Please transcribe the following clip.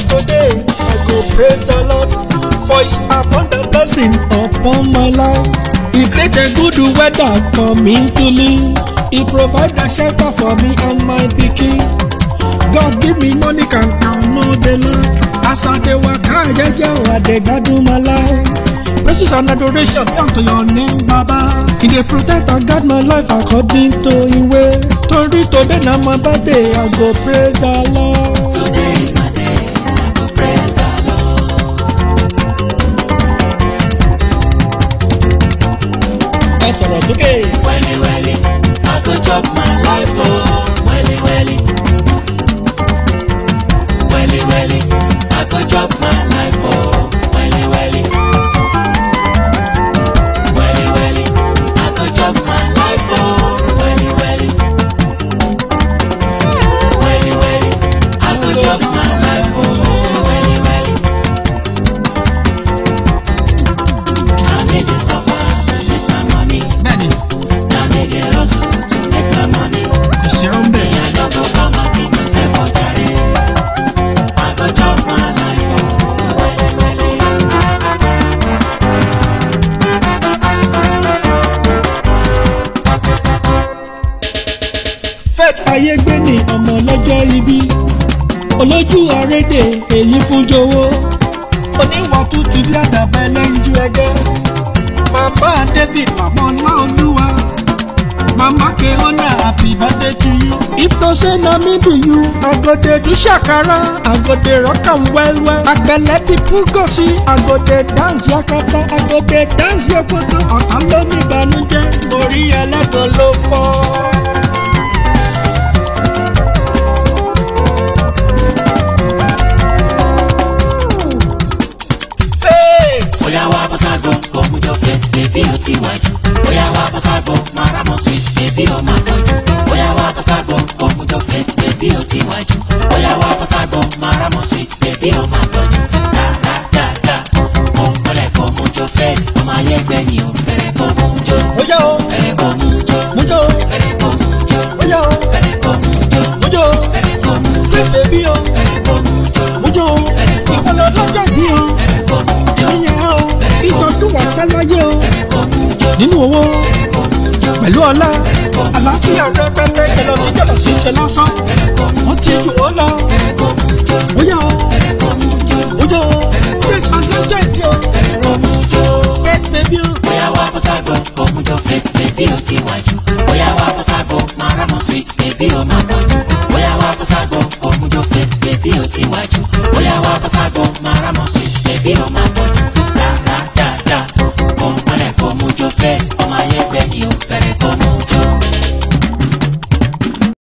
for today. I go praise the Lord for his abundant blessing upon my life. He created a good weather for me to live. He provided a shelter for me and my pikin. God give me money can I know the lack. As I dey waka jeje I dey gbadun my life. Praises and adoration be unto your name, Baba. He dey protect and guard my life according to him way. Torí today na my birthday, I go praise the Lord. Today is my ẹ sọ̀rọ̀ sókè. wẹ́líwẹ́lí i go chop my life o oh. wẹ́líwẹ́lí. lẹ́yìn ọmọ lọ́jọ́ ibí olójú àrédè èyí fún jowó oníwọ̀n tún ti rí àdàbẹ̀ lẹ́yìn ju ẹgbẹ́ bàbá David màmá ọlá mama, màmá keona happy birthday to you. if to say na me be you i go dey do shakara i go dey rock am well well. àgbẹ̀lẹ̀ ti fún gòsì i go dey dance yakata i go dey dance yokoto ọ̀tá ló ní ìbànújẹ́ orí ẹlẹ́gàn ló fọ́. ti wájú bóyá wà á fọ́sàgbọ̀n maramo sweet baby ọmọ àtọ́jú dáadáa mo ń kọ́lẹ̀ kọ́ mo jọ fẹ́t ọmọ ayẹ́gbẹ́ ni o fẹ́rẹ̀ kọ́ mo ń jọ fẹ́rẹ̀ kọ́ mo jọ fẹ́rẹ̀ kọ́ mo jọ fẹ́rẹ̀ kọ́ mo jọ fẹ́rẹ̀ kọ́ mo ń jọ fẹ́rẹ̀ kọ́ mo jọ fẹ́rẹ̀ kọ́ mo jọ ọlọ́jọ́ bí o fẹ́rẹ̀ kọ́ mo ń jọ ìyẹn o ìtọ́jú wà fẹ́ láyé o nínú owó pẹ̀lú ọlá àlàáfíà gbọ́dọ̀ ṣiṣẹ́ lọ́sàn. ó ti jù ó lọ. ó yá o. ó yá o. ṣé ìpàdé ìdí o. faith baby o. bóyá wà bó ságo òmùjọ faith baby o ti wájú. bóyá wà bó ságo máa rámọ sweet baby o máa pọ̀jù. bóyá wà bó ságo òmùjọ faith baby o ti wájú. bóyá wà bó ságo máa rámọ sweet baby o máa pọ̀jù. dáadáa dáadáa kò mọ́lẹ̀ kò mú jọ faith.